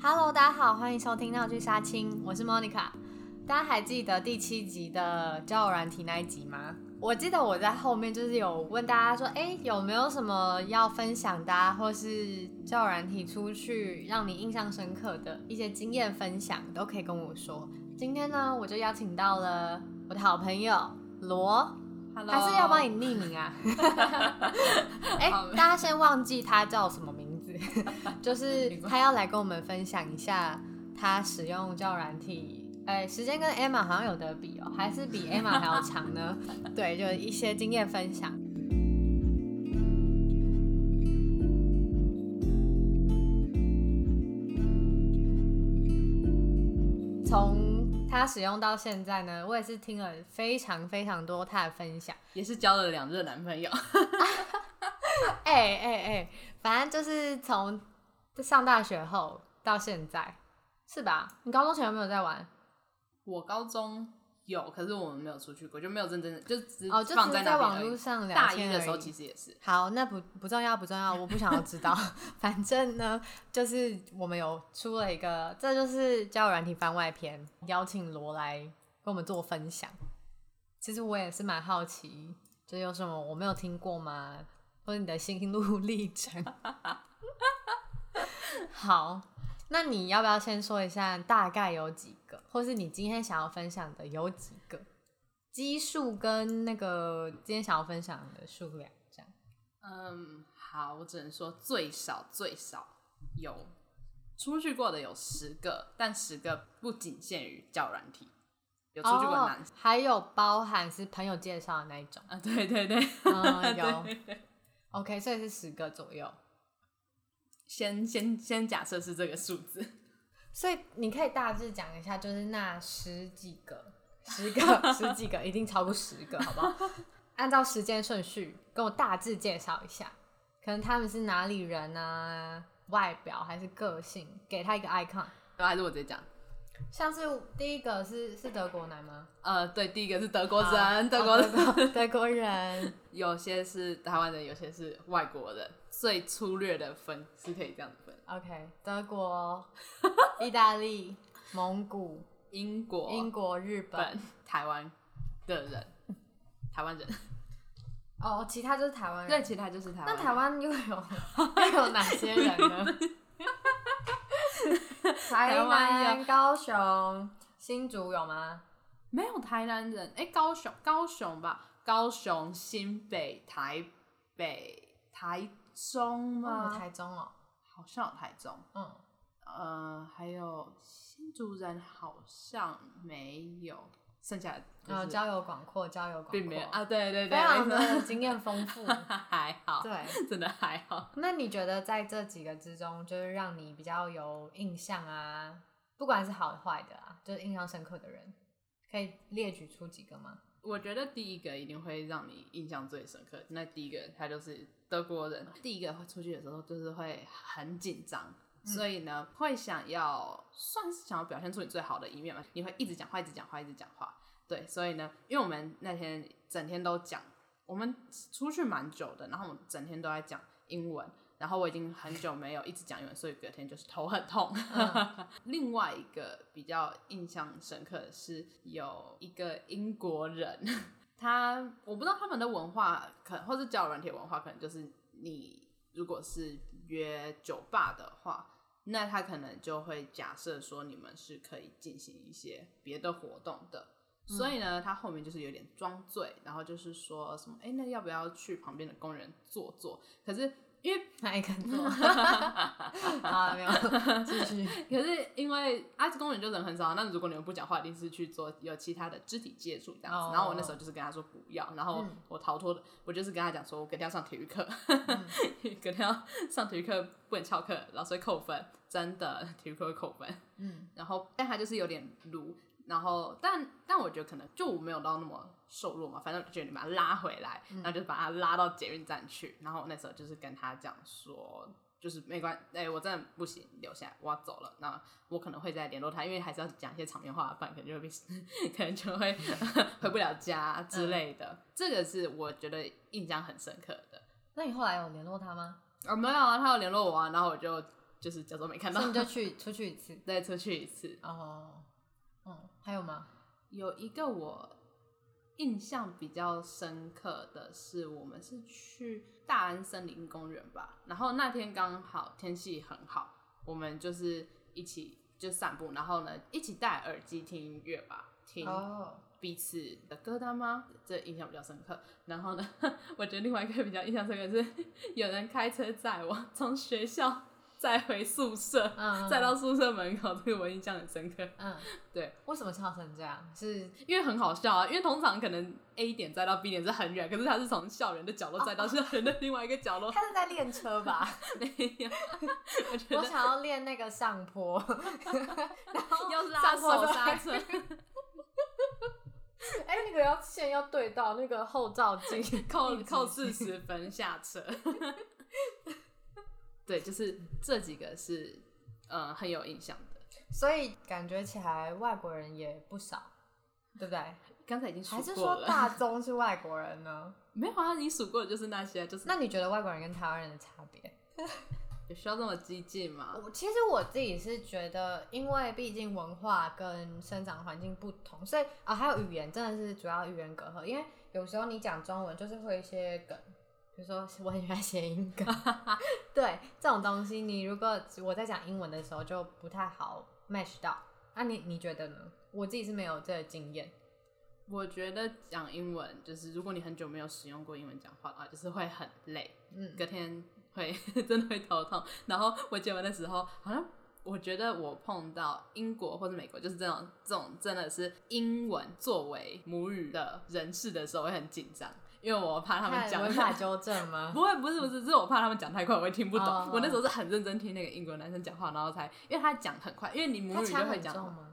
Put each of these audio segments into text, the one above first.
Hello，大家好，歡迎收聽《鬧劇殺青》，我是 Monica。大家還記得第七集的交友軟體那一集嗎？我記得我在後面就是有問大家說，哎，有沒有什麼要分享的，或是交友軟體出去讓你印象深刻的一些經驗分享，都可以跟我說。今天呢，我就邀請到了我的好朋友羅，Hello，還是要幫你匿名啊？哎 ，大家先忘記他叫什麼名字。 就是他要來跟我們分享一下他使用交友軟體，哎、欸，時間跟 Emma 好像有得比哦，還是比 Emma 還要長呢？ 對，就是一些經驗分享。從 他使用到現在呢，我也是聽了非常非常多他的分享，也是交了兩個男朋友。 哎哎哎，反正就是從上大學後到現在，是吧？你高中前有沒有在玩？我高中有，可是我們沒有出去過，就沒有認真正的，就只放在那邊哦，就只是在網絡上聊天。大一的時候其實也是。好，那不不重要，不重要，我不想要知道。 反正呢，就是我們有出了一個，這就是交友軟體番外篇，邀請羅來跟我們做分享。其實我也是蠻好奇，就是有什麼我沒有聽過嗎？或你的心路歷程， 好，那你要不要先說一下大概有幾個，或是你今天想要分享的有幾個基數跟那個今天想要分享的數量，這樣？嗯，好，我只能說最少最少有出去過的有十個，但十個不僅限於交軟體，有出去過男生、哦，還有包含是朋友介紹的那一種啊，對對對，嗯、有。對對對 OK，所以是十個左右。先先先假設是這個數字，所以你可以大致講一下，就是那十幾個、十個、 十幾個，一定超過十個，好不好？ 按照時間順序跟我大致介紹一下，可能他們是哪裡人呢？外表還是個性？給他一個 icon，對，還是我直接講？像是第一個是是德國男嗎？呃，對，第一個是德國人，哦、德國的，德國人，有些是台灣人，有些是外國人。最粗略的分是可以這樣子分。OK，德國、意大利、 蒙古、英國、英國、日本、本台灣的人，台灣人。哦，其他就是台灣人。對，其他就是台灣。那台灣又有又有哪些人呢？ 台南人、高雄、新竹有嗎？沒有台南人誒，高雄、高雄吧，高雄、新北、台北、台中嗎、啊哦？台中哦，好像有台中。嗯，呃，還有新竹人好像沒有。剩下的，然後交友廣闊，交友廣闊啊，對對對，非常的經驗豐富， 還好，對，真的還好。那你覺得在這幾個之中，就是讓你比較有印象啊，不管是好壞的啊，就是印象深刻的人，可以列舉出幾個嗎？我覺得第一個一定會讓你印象最深刻，那第一個他就是德國人，第一個出去的時候就是會很緊張。嗯、所以呢，會想要算是想要表現出你最好的一面嘛？你會一直講話，一直講話，一直講話。對，所以呢，因為我們那天整天都講，我們出去蠻久的，然後我們整天都在講英文，然後我已經很久沒有一直講英文， 所以隔天就是頭很痛、 嗯。另外一個比較印象深刻的是有一個英國人，他我不知道他們的文化，可能或是叫軟體文化，可能就是你如果是約酒吧的話。那他可能就會假設說你們是可以進行一些別的活動的，嗯、所以呢，他後面就是有點裝醉，然後就是說什麼，哎、欸，那要不要去旁邊的公園坐坐？可是因為哪敢坐 啊？沒有，繼續。可是因為阿慈公園就人很少，那如果你們不講話，一定是去做有其他的肢體接觸這樣子。哦、然後我那時候就是跟他說不要，然後我逃脫的，嗯、我就是跟他講說我隔天上體育課，隔天、嗯、 上體育課不能翹課，老師會扣分。真的挺可口的，嗯，然後但他就是有點魯，然後但但我覺得可能就我沒有到那麼瘦弱嘛，反正就你把他拉回來，嗯、然後就把他拉到捷運站去，然後那時候就是跟他講說，就是沒關，哎、欸，我真的不行，留下來我要走了，那我可能會再聯絡他，因為還是要講一些場面話，不然可能就會被可能就會、嗯、 回不了家、啊、之類的。嗯、這個是我覺得印象很深刻的。那你後來有聯絡他嗎？我、哦、沒有啊，他有聯絡我啊，然後我就。就是假裝沒看到，那你就去出去一次，再 出去一次哦。Oh, oh, oh. Oh, 還有嗎？有一個我印象比較深刻的是，我們是去大安森林公園吧。然後那天剛好天氣很好，我們就是一起就散步，然後呢一起戴耳機聽音樂吧，聽彼此的歌單嗎？這印象比較深刻。然後呢， 我覺得另外一個比較印象深刻的是有人開車載我從學校，再回宿舍，再、嗯、到宿舍門口，對我印象很深刻。嗯，對。為什麼笑成這樣？是因為很好笑啊！因為通常可能 A 點再到 B 點是很遠，可是他是從校園的角落再到校園的另外一個角落。他是在練車吧？ 沒有， 我，我想要練那個上坡， 然後拉手上是在剎車。哎，那個要線要對到那個後照鏡，扣扣 四十分下車。 對，就是這幾個是，呃很有印象的，所以感覺起來外國人也不少，對不對？剛才已經數過了。還是說大宗是外國人呢？ 沒有啊，你數過的就是那些，就是那。那你覺得外國人跟台灣人的差別？ 有需要這麼激進嗎？我其實我自己是覺得，因為畢竟文化跟生長環境不同，所以啊、哦，還有語言真的是主要語言隔閡，因為有時候你講中文就是會一些梗。比如說，我很喜歡寫英文。 對這種東西，你如果我在講英文的時候就不太好 match 到。那、啊、你你覺得呢？我自己是沒有這個經驗。我覺得講英文就是，如果你很久沒有使用過英文講話的話，就是會很累。嗯，隔天會呵呵真的會頭痛。然後我結婚的時候，好、啊、像我覺得我碰到英國或者美國，就是這種這種真的是英文作為母語的人士的時候會很緊張。因為我怕他們講太快糾正嗎？ 不會，不是不是，只是我怕他們講太快，我會聽不懂。Oh, oh, oh. 我那時候是很認真聽那個英國男生講話，然後才因為他講很快，因為你母語就會講。重嗎？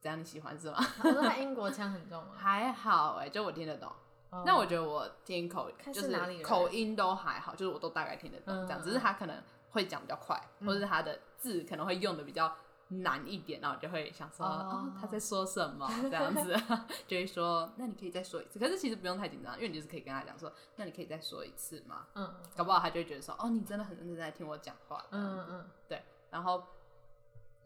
怎樣你喜歡是嗎？他英國腔很重嗎？還好哎、欸，就我聽得懂。Oh. 那我覺得我聽口就是哪裡是口音都還好，就是我都大概聽得懂。Oh. 這樣只是他可能會講比較快，嗯、或是他的字可能會用的比較難一點，然後我就會想說、oh. 哦、他在說什麼，這樣子 就會說，那你可以再說一次。可是其實不用太緊張，因為你就是可以跟他講說，那你可以再說一次嘛。嗯，嗯，嗯，搞不好他就會覺得說哦，你真的很認真在聽我講話。嗯嗯，對，然後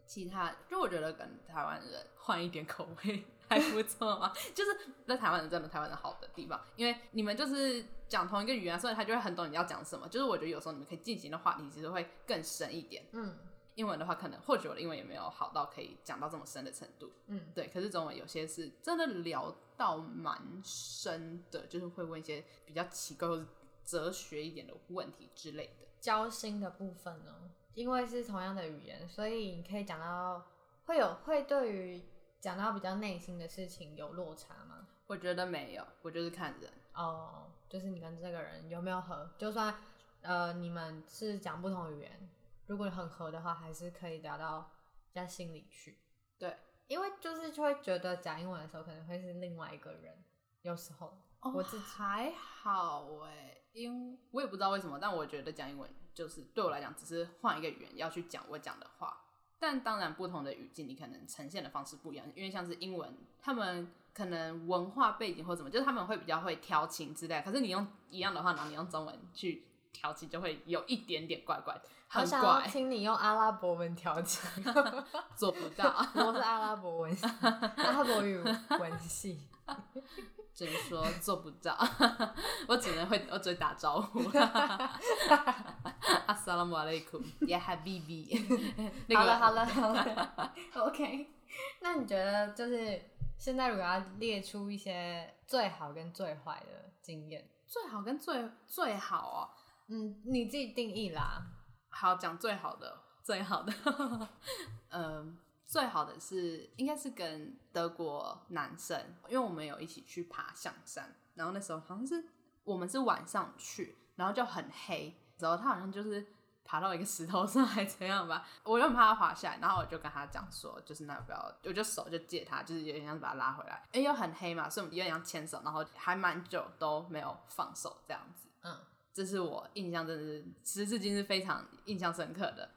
其他就我覺得跟台灣人換一點口味還不錯嘛。 就是在台灣人，真的台灣的好的地方，因為你們就是講同一個語言，所以他就會很懂你要講什麼。就是我覺得有時候你們可以進行的話題其實會更深一點。嗯。英文的話，可能或者我的英文也沒有好到可以講到這麼深的程度。嗯，對。可是中文有些是真的聊到蠻深的，就是會問一些比較奇怪、哲學一點的問題之類的。交心的部分呢？因為是同樣的語言，所以你可以講到會有會對於講到比較內心的事情有落差嗎？我覺得沒有，我就是看人。哦，oh, 就是你跟這個人有沒有合？就算呃，你們是講不同語言。如果很合的話，還是可以聊到在心裡去。對，因為就是就會覺得講英文的時候，可能會是另外一個人。有時候、哦、我這才好誒。因我也不知道為什麼，但我覺得講英文就是對我來講，只是換一個語言要去講我講的話。但當然，不同的語境，你可能呈現的方式不一樣。因為像是英文，他們可能文化背景或什麼，就是他們會比較會調情之類。可是你用一樣的話，然後你用中文去。調起就會有一點點怪怪的，很怪。聽你用阿拉伯文調起，怪 做不到，我是阿拉伯文， 阿拉伯語文系， 只能說做不到， 我只能會，我只會打招呼 As-salamu alaykum, Ya Habibi 好了好了好了，OK。那你覺得就是現在，如果要列出一些最好跟最壞的經驗，最好跟最最好哦、啊。嗯，你自己定義啦。好，講最好的，最好的， 嗯，最好的是應該是跟德國男生，因為我們有一起去爬象山，然後那時候好像是我們是晚上去，然後就很黑，然後他好像就是爬到一個石頭上還怎樣吧，我又怕他滑下來，然後我就跟他講說，就是那不要，我就手就借他，就是有點像把他拉回來，因為又很黑嘛，所以我們有點像牽手，然後還蠻久都沒有放手這樣子，嗯。這是我印象真的是，時至今日非常印象深刻的。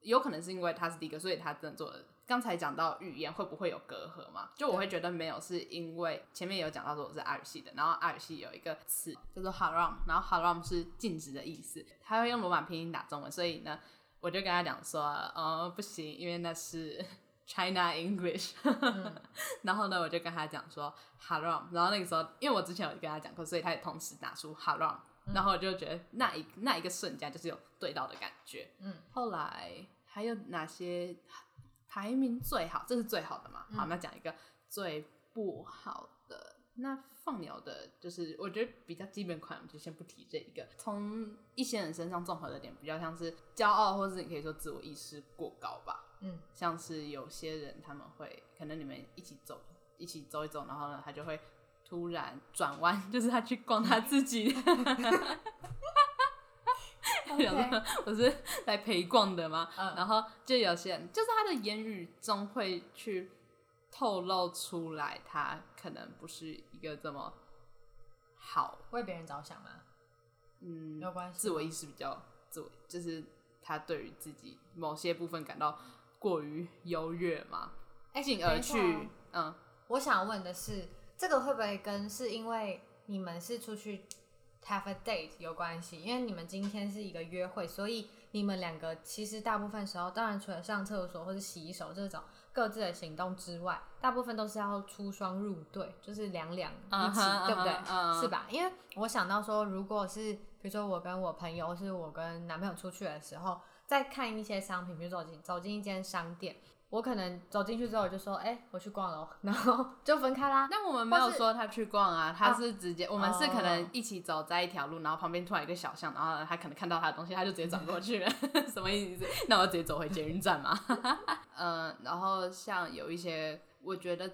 有可能是因為他是第一個，所以他真的做了。剛才講到語言會不會有隔閡嘛？就我會覺得沒有，是因為前面有講到說我是阿語系的，然後阿語系有一個詞叫做、就是、“haram”，然後 “haram” 是禁止的意思。他會用羅馬拼音打中文，所以呢，我就跟他講說：“哦，不行，因為那是 China English。 ”然後呢，我就跟他講說 “haram”，然後那個時候，因為我之前有跟他講過，所以他也同時打出 “haram”。嗯、然後我就覺得那一那一個瞬間就是有對到的感覺。嗯，後來還有哪些排名最好？這是最好的嘛？嗯、好，那講一個最不好的。那放鳥的，就是我覺得比較基本款，我們就先不提這一個。從一些人身上綜合的點，比較像是驕傲，或是你可以說自我意識過高吧。嗯，像是有些人他們會，可能你們一起走，一起走一走，然後呢，他就會。突然轉彎，就是他去逛他自己的，我是來陪逛的嗎？嗯、然後就有些人，就是他的言語中會去透露出來，他可能不是一個這麼好為別人着想啊。嗯，沒有關係，自我意識比較自我，就是他對於自己某些部分感到過於優越嘛，進、欸、而去、喔、嗯。我想問的是。這個會不會跟是因為你們是出去 have a date 有關係？因為你們今天是一個約會，所以你們兩個其實大部分時候，當然除了上廁所或者洗手這種各自的行動之外，大部分都是要出雙入對，就是兩兩一起，對不對？Huh, uh huh, uh huh, uh huh. 是吧？因為我想到說，如果是比如說我跟我朋友，或是我跟男朋友出去的時候，在看一些商品，比如說走進，走進一間商店。我可能走進去之後，我就說：“哎、欸，我去逛了。”然後就分開啦。那我們沒有說他去逛啊，是他是直接、啊、我們是可能一起走在一條路，啊、然後旁邊突然一個小巷，嗯、然後他可能看到他的東西，他就直接轉過去，嗯、 什麼意思？嗯、 那我直接走回捷運站嘛。 嗯，然後像有一些，我覺得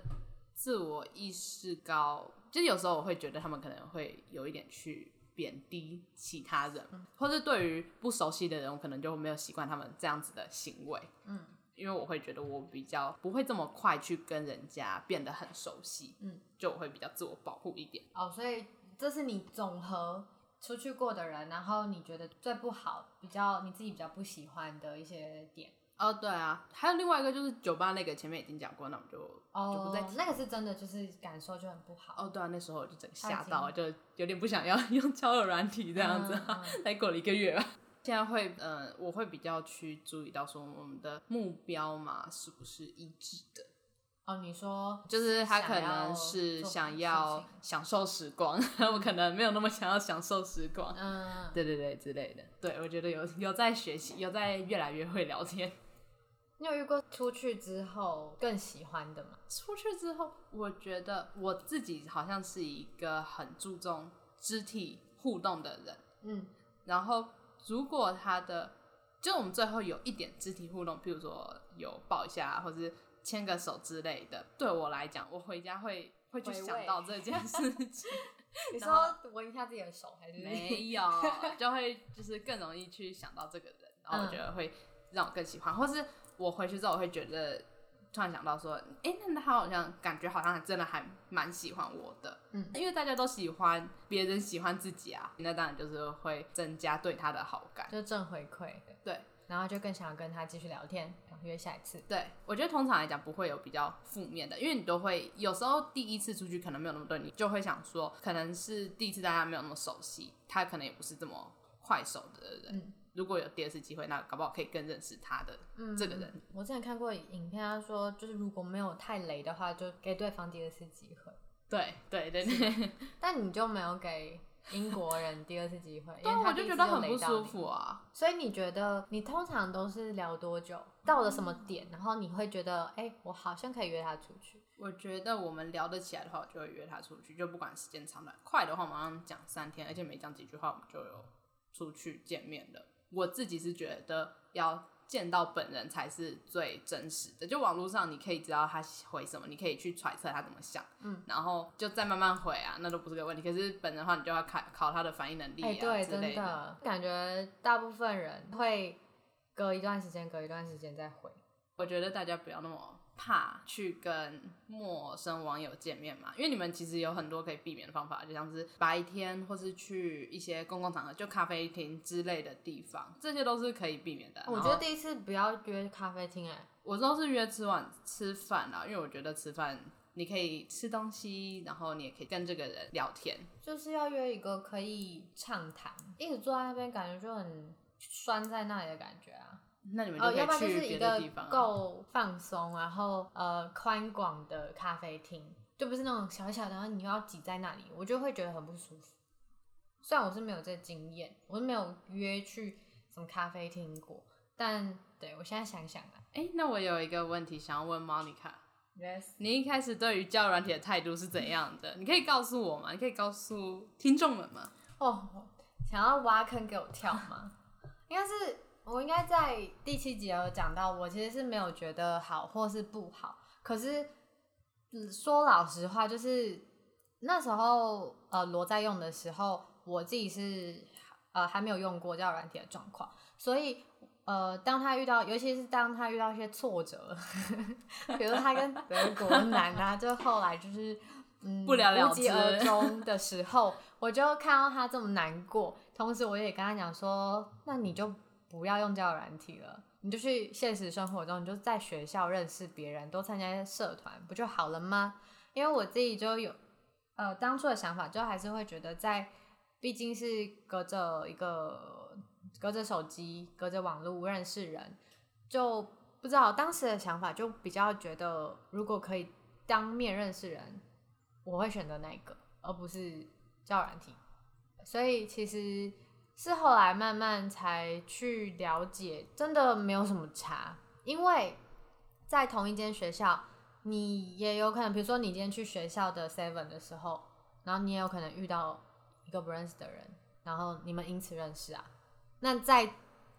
自我意識高，就是有時候我會覺得他們可能會有一點去貶低其他人，嗯、或是對於不熟悉的人，我可能就沒有習慣他們這樣子的行為。嗯。因為我會覺得我比較不會這麼快去跟人家變得很熟悉，嗯，就會比較自我保護一點。哦，所以這是你總和出去過的人，然後你覺得最不好，比較你自己比較不喜歡的一些點。哦，對啊，還有另外一個就是酒吧那個前面已經講過，那我們就哦，就不那個是真的，就是感受就很不好。哦，對啊，那時候我就整個嚇到，情就有點不想要用交友軟體這樣子，啊。那過、嗯嗯、了一個月。吧。現在會，嗯，我會比較去注意到說我們的目標嘛是不是一致的？哦，你說就是他可能是想要，想要享受時光， 我可能沒有那麼想要享受時光。嗯，對對對，之類的。對我覺得有有在學習，有在越來越會聊天。你有遇過出去之後更喜歡的嗎？出去之後，我覺得我自己好像是一個很注重肢體互動的人。嗯，然後。如果他的，就我們最後有一點肢體互動，比如說有抱一下，或是牽個手之類的，對我來講，我回家會會去想到這件事情。你說聞一下自己的手還是？ 沒有，就會就是更容易去想到這個人，然後我覺得會讓我更喜歡，或是我回去之後我會覺得。突然想到說，哎、欸，那他好像感覺好像還真的還蠻喜歡我的，嗯，因為大家都喜歡別人喜歡自己啊，那當然就是會增加對他的好感，就正回饋，對，然後就更想要跟他繼續聊天，然後約下一次。對，我覺得通常來講不會有比較負面的，因為你都會有時候第一次出去可能沒有那麼多，你，就會想說可能是第一次大家沒有那麼熟悉，他可能也不是這麼快熟的人。嗯如果有第二次機會，那搞不好可以更認識他的這個人，嗯。我之前看過影片，他說就是如果沒有太雷的話，就給對方第二次機會。對，對對對，但你就沒有給英國人第二次機會， 因為他就覺得很不舒服啊。所以你覺得你通常都是聊多久到了什麼點，然後你會覺得哎，欸，我好像可以約他出去？我覺得我們聊得起來的話，我就會約他出去，就不管時間長短，快的話馬上講三天，而且沒講幾句話，我們就有出去見面了。我自己是覺得要見到本人才是最真實的。就網絡上，你可以知道他回什麼，你可以去揣測他怎麼想，嗯，然後就再慢慢回啊，那都不是個問題。可是本人的話，你就要考考他的反應能力啊、欸、對之類的，真的。感覺大部分人會隔一段時間，隔一段時間再回。我覺得大家不要那麼。怕去跟陌生網友見面嘛？因為你們其實有很多可以避免的方法，就像是白天或是去一些公共場合，就咖啡廳之類的地方，這些都是可以避免的。我覺得第一次不要約咖啡廳、欸，哎，我都是約吃完吃飯啊，因為我覺得吃飯你可以吃東西，然後你也可以跟這個人聊天，就是要約一個可以暢談，一直坐在那邊感覺就很拴在那裡的感覺啊。那你們去的地方、啊、哦，要不然就是一個夠放鬆，然後呃寬廣的咖啡廳，就不是那種小小的，然後你又要擠在那裡，我就會覺得很不舒服。雖然我是沒有這個經驗，我是沒有約去什麼咖啡廳過，但對我現在想想的、啊，哎、欸，那我有一個問題想要問 Monica，Yes. 你一開始對於交軟體的態度是怎樣的？你可以告訴我嗎？你可以告訴聽眾們嗎？哦，想要挖坑給我跳嗎？ 應該是。我應該在第七集有講到，我其實是沒有覺得好或是不好。可是說老實話，就是那時候呃羅在用的時候，我自己是呃還沒有用過這軟體的狀況。所以呃當他遇到，尤其是當他遇到一些挫折，呵呵比如他跟德國男啊， 就後來就是嗯不了了之的時候，我就看到他這麼難過，同時我也跟他講說，那你就。不要用交友軟體了，你就去現實生活中，你就在學校認識別人，多參加一些社團，不就好了嗎？因為我自己就有，呃，當初的想法就還是會覺得在，在畢竟是隔着一個隔着手機、隔着網絡認識人，就不知道當時的想法就比較覺得，如果可以當面認識人，我會選擇哪一個，而不是交友軟體。所以其實。是後來慢慢才去了解，真的沒有什麼差，因為在同一間學校，你也有可能，比如說你今天去學校的 Seven 的時候，然後你也有可能遇到一個不認識的人，然後你們因此認識啊。那在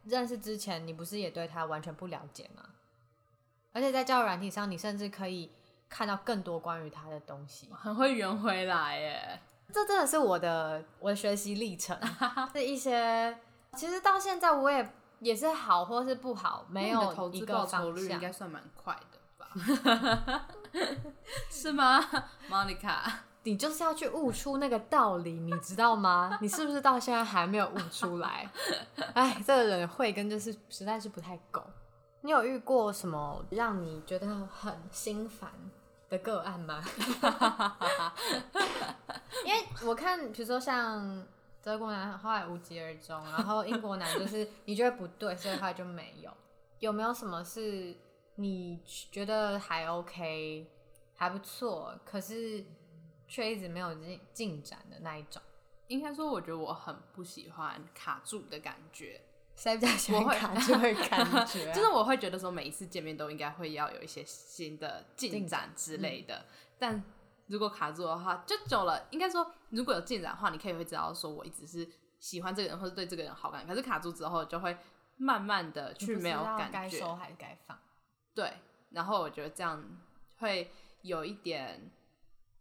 認識之前，你不是也對他完全不了解嗎？而且在交友軟體上，你甚至可以看到更多關於他的東西，很會圓回來耶。這真的是我的我的學習歷程， 這一些其實到現在我也也是好或是不好， 沒有一個方向。你的投資報酬率應該算蠻快的吧？ 是嗎，Monica？你就是要去悟出那個道理，你知道嗎？你是不是到現在還沒有悟出來？哎，這個人慧根，就是實在是不太夠。你有遇過什麼讓你覺得很心煩的個案嗎？ 因為我看，比如說像德國男後來無疾而終，然後英國男就是你覺得不對，所以後來就沒有。有沒有什麼是你覺得還 OK，還不錯，可是卻一直沒有進進展的那一種？應該說，我覺得我很不喜歡卡住的感覺。塞比較喜歡卡就會感覺、啊，我會 就是我會覺得說每一次見面都應該會要有一些新的進展之類的。嗯、但如果卡住的話，就久了，應該說如果有進展的話，你可以會知道說我一直是喜歡這個人或者對這個人好感。可是卡住之後，就會慢慢的去沒有感覺，該收還是該放？對，然後我覺得這樣會有一點，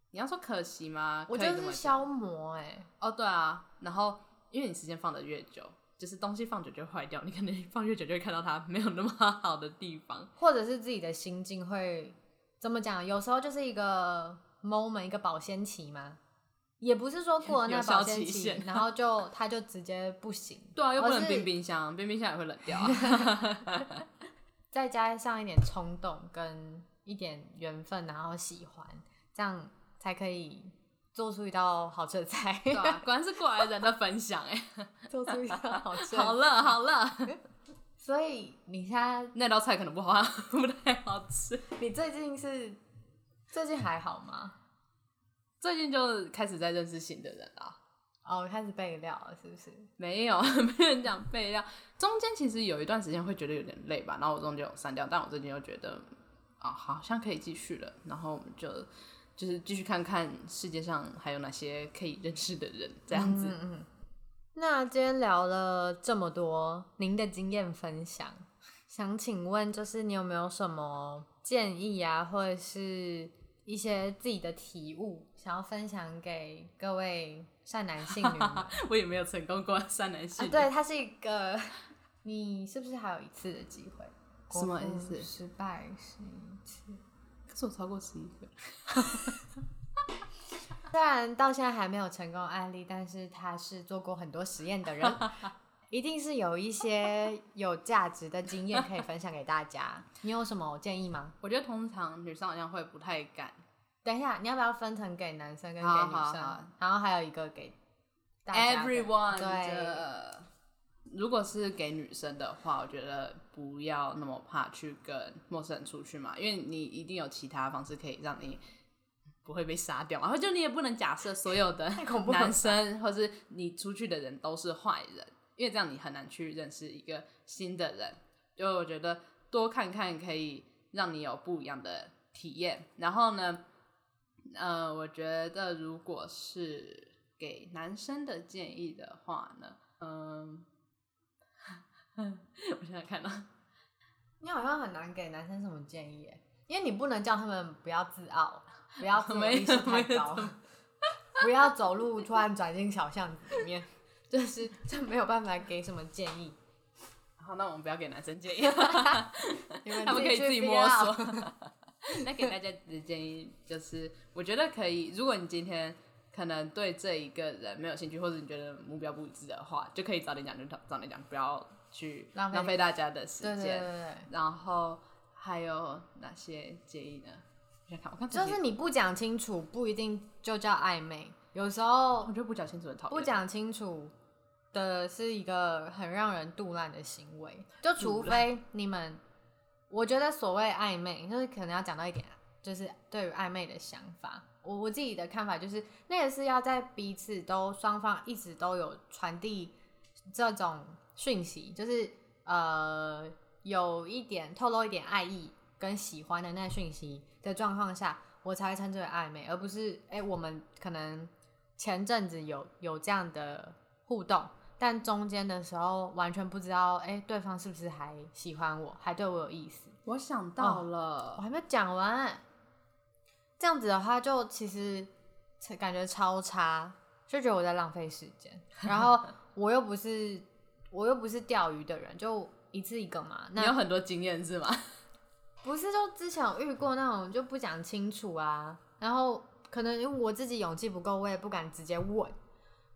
你要說可惜嗎？我覺得是消磨哎、欸，哦、oh, 對啊，然後因為你時間放的越久。就是東西放久就壞掉，你可能放越久就會看到它沒有那麼好的地方，或者是自己的心境會怎麼講？有時候就是一個 moment，一個保鮮期嘛，也不是說過了那保鮮期， 然後就它就直接不行。對啊，又不能冰冰箱，是冰冰箱也會冷掉啊。 再加上一點衝動跟一點緣分，然後喜歡，這樣才可以。做出一道好吃的菜， 對啊，果然是過來人的分享哎，欸， 做出一道好吃的好。好了好了， 所以你現在那道菜可能不好，不太好吃。你最近是最近還好嗎？最近就開始在認識新的人了。哦，開始備料了是不是？沒有，沒人講備料。中間其實有一段時間會覺得有點累吧，然後我中間有刪掉，但我最近又覺得啊，哦，好像可以繼續了，然後我們就。就是繼續看看世界上還有哪些可以認識的人，這樣子，嗯。那今天聊了這麼多，您的經驗分享，想請問就是你有沒有什麼建議啊，或者是一些自己的體悟想要分享給各位善男信女？ 我也沒有成功過善男信女、啊。對，他是一個，你是不是還有一次的機會？什麼意思？失敗是一次。是超過十一個， 雖然到現在還沒有成功案例，但是他是做過很多實驗的人，一定是有一些有價值的經驗可以分享給大家。你有什麼建議嗎？我覺得通常女生好像會不太敢。等一下，你要不要分成給男生跟給女生，然後還有一個給大家的 everyone 's 對。如果是給女生的話，我覺得不要那麼怕去跟陌生人出去嘛，因為你一定有其他方式可以讓你不會被殺掉嘛。然後就你也不能假設所有的男生 太恐怖了或是你出去的人都是壞人，因為這樣你很難去認識一個新的人。就我覺得多看看可以讓你有不一樣的體驗。然後呢，呃，我覺得如果是給男生的建議的話呢，嗯、呃。嗯，我現在看到你好像很難給男生什麼建議，因為你不能叫他們不要自傲，不要自什麼 不要走路突然轉進小巷子裡面，就是這沒有辦法給什麼建議。好，那我們不要給男生建議，他 們可以自己摸索。 那給大家的建議就是，我覺得可以，如果你今天可能對這一個人沒有興趣，或者你覺得目標不一致的話，就可以早點講，就早點講，不要。去浪費大家的時間，對對對對，然後還有哪些建議呢？就是你不講清楚，不一定就叫曖昧。有時候我覺得不講清楚的討不講清楚的是一個很讓人杜爛的行為。就除非你們，我覺得所謂曖昧，就是可能要講到一點啊，就是對於曖昧的想法，我我自己的看法就是，那也是要在彼此都雙方一直都有傳遞這種。訊息就是呃，有一點透露一點愛意跟喜歡的那訊息的狀況下，我才會稱之為曖昧，而不是哎、欸，我們可能前陣子有有這樣的互動，但中間的時候完全不知道哎、欸，對方是不是還喜歡我，還對我有意思。我想到了，哦，、我還沒講完，這樣子的話就其實感覺超差，就覺得我在浪費時間， 然後我又不是。我又不是釣魚的人，就一次一個嘛。那你有很多經驗是嗎？不是，就之前有遇過那種就不講清楚啊，然後可能因為我自己勇氣不夠，我也不敢直接問。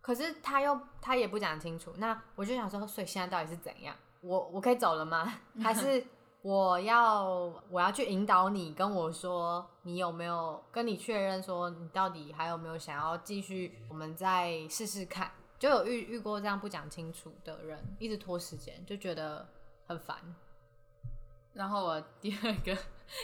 可是他又他也不講清楚，那我就想說，所以現在到底是怎樣？我我可以走了嗎？還是我要我要去引導你跟我說，你有沒有跟你確認說你到底還有沒有想要繼續？我們再試試看。就有遇遇過這樣不講清楚的人，一直拖時間，就覺得很煩。然後我第二個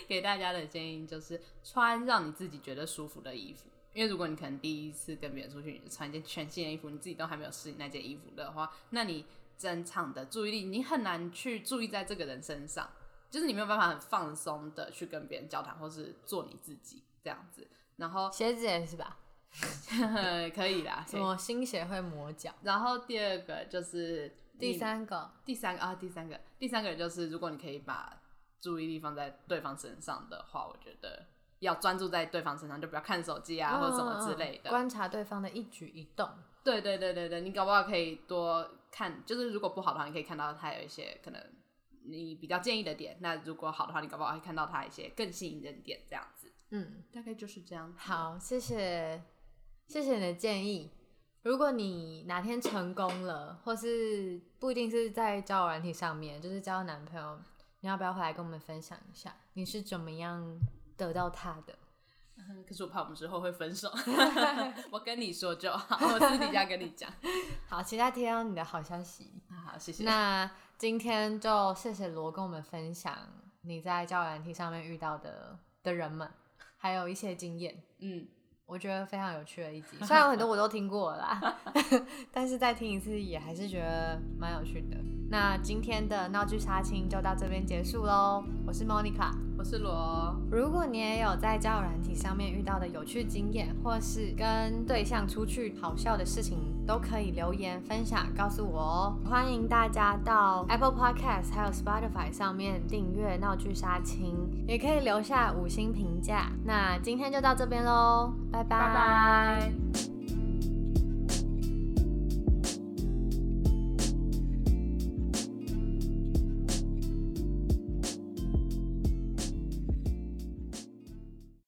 給大家的建議就是，穿讓你自己覺得舒服的衣服。因為如果你可能第一次跟別人出去，你穿一件全新的衣服，你自己都還沒有適應那件衣服的話，那你整場的注意力你很難去注意在這個人身上，就是你沒有辦法很放鬆的去跟別人交談，或是做你自己這樣子。然後鞋子也是吧。 可以啦，okay、什麼新鞋會磨腳。然後第二個就是第三個，第三個啊，第三個，第三個就是如果你可以把注意力放在對方身上的話，我覺得要專注在對方身上，就不要看手機啊，啊或者什麼之類的，啊啊，觀察對方的一舉一動。對對對對對，你搞不好可以多看，就是如果不好的話，你可以看到他有一些可能你比較建議的點；那如果好的話，你搞不好會看到他一些更吸引人的點，這樣子。嗯，大概就是這樣。好，謝謝。謝謝你的建議。如果你哪天成功了，或是不一定是在交友軟體上面，就是交男朋友，你要不要回來跟我們分享一下你是怎麼樣得到他的？可是我怕我們之後會分手。 我跟你說就好，我私底下跟你講。 好，期待聽到你的好消息。好，謝謝。那今天就謝謝羅跟我們分享你在交友軟體上面遇到的的人們，還有一些經驗。嗯。我覺得非常有趣的一集，雖然有很多我都聽過了啦， 但是再聽一次也還是覺得蠻有趣的。那今天的鬧劇殺青就到這邊結束嘍，我是 Monica，我是羅。如果你也有在交友軟體上面遇到的有趣經驗，或是跟對象出去好笑的事情，都可以留言分享告訴我哦。歡迎大家到 Apple Podcast 還有 Spotify 上面訂閱《鬧劇殺青》，也可以留下五星評價。那今天就到這邊嘍，拜拜。Bye bye